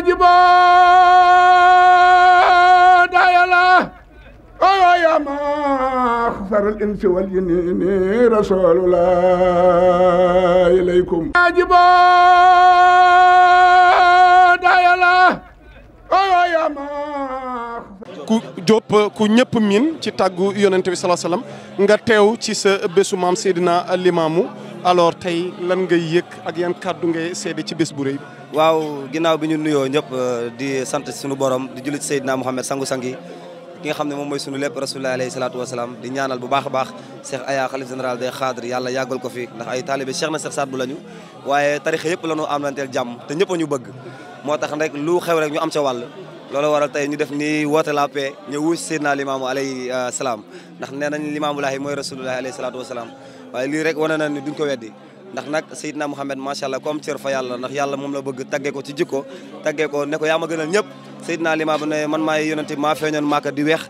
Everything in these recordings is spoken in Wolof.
واجبا دايلا ويا ما خسر الانس والجنين رسول الله اليكم واجبا دايلا ku jóp ku ci tàggu yonent bi salaam nga teew ci sa bésu maam Seydina Limaamu alors tey lan ngay yëg ak yan kàddu ngay seede ci bés bu rëy waaw ginnaaw bi ñu nuyoo ñëpp euh, di sant sunu borom di jullit Seydina Mouhamed sangu-sang yi ki nga xam ne moom mooy sunu lépp rasulullah alayhi salaatu wasalaam di ñaanal bu baax a baax Cheikh Aya xalif général des xaadre yàlla yàggal ko fi ndax ay taalibe Cheikh na Cheikh Saad bu lañu waaye tarixa yëpp la ñu amlanteel jàmm te ñëpp ñu bëgg moo tax rek lu xew rek ñu am ca wàll loolu waral tey ñu def ni woote la paix ñëw wuy Seydina Limaamu alayhi euh, salaam ndax nee nañ Limaamu Laahi mooy rasulullaahi alayhi salaatu wa salaam waaye lii rek wane na ni duñ ko weddi ndax nag Seydina Muhammad macha allah comme cër fa yàlla ndax yàlla moom la bëgg taggee ko ci jikko taggee ko ne ko yaa ma gënal ñëpp Seydina Limaamu ne man maay yonente maa feeñoon maaka di weex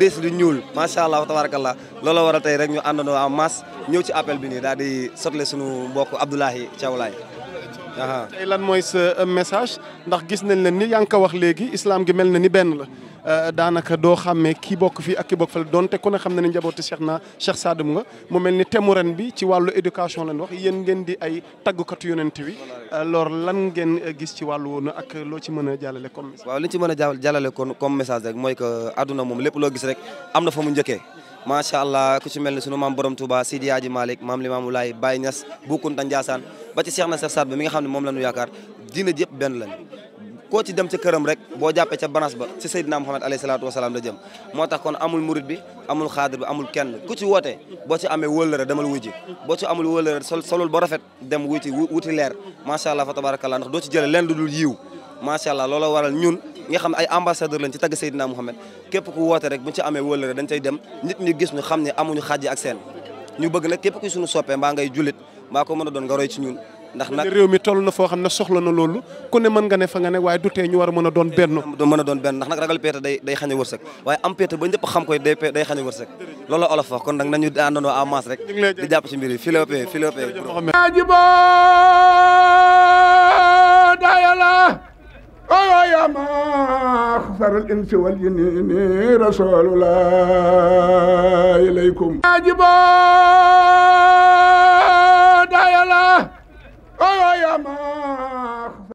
bés lu ñuul macha allah tabarakallah loolu waral tey rek ñu àndandoo en mas ñëw ci appel bi nii daal di sotle suñu mbokk Abdoulahi Thiaw Laye tey lan mooy sa euh, message ndax gis nañ la ni yaa ngi ko wax léegi islam gi mel na ni benn la euh, daanaka doo xàmmee ki bokk fii ak ki bokk fële donte ku ne xam ne ne njabooti Cheikh na Cheikh Sadim nga mu mel ni temu ren bi ci wàllu éducation lañ wax yéen ngeen di ay taggukatu yonent wi euh, alors lan ngeen gis ci wàllu woon ak loo ci mën a jàllale comme message. li ci mën a jàllale comme message rek mooy que àdduna moom lépp loo gis rek am na fa mu njëkkee. macha allah ku ci mel ni sunu maam borom Touba Sidi Hadji Malick maam Limaamu Laay Baye Niass Boukounta Ndiassane ba ci Cheikh na Cheikh Saad Bou mi nga xam ne moom la ñu yaakaar diina jëpp benn lañ koo ci dem ca këram rek boo jàppee ca branche ba ci Seydina Muhammad alayhi salaatu wasalaam la jëm moo tax kon amul murit bi amul xaadir bi amul kenn ku ci woote boo ci amee wëllëre demal wuji boo ci amul wëllëre sol solul ba rafet dem wuti wuti leer macha allah fa tabarakallah doo ci jëlee lenn lu dul yiw macha allah loola waral ñun nga xam ay ambassadeur lañ ci tagg Seydina Mouhamed képp ku woote rek buñ ci amee wëllëre dañ cay dem nit ñi gis ñu xam ne amuñu xàjji ak seen ñu bëgg nag képp ku suñu soppee mbaa ngay jullit mbaa ko mën a doon nga ci ñun ndax nag réew mi toll na foo xam ne soxla na loolu ku ne mën nga ne fa nga ne waaye du tee war mën a doon benn ndax nag ragal peete day day wërsëg waaye am peete ba ñëpp xam koy day day wërsëg loolu olof wax kon nag nañu يا ما خسر الإنس والجنين رسول الله إليكم أجبار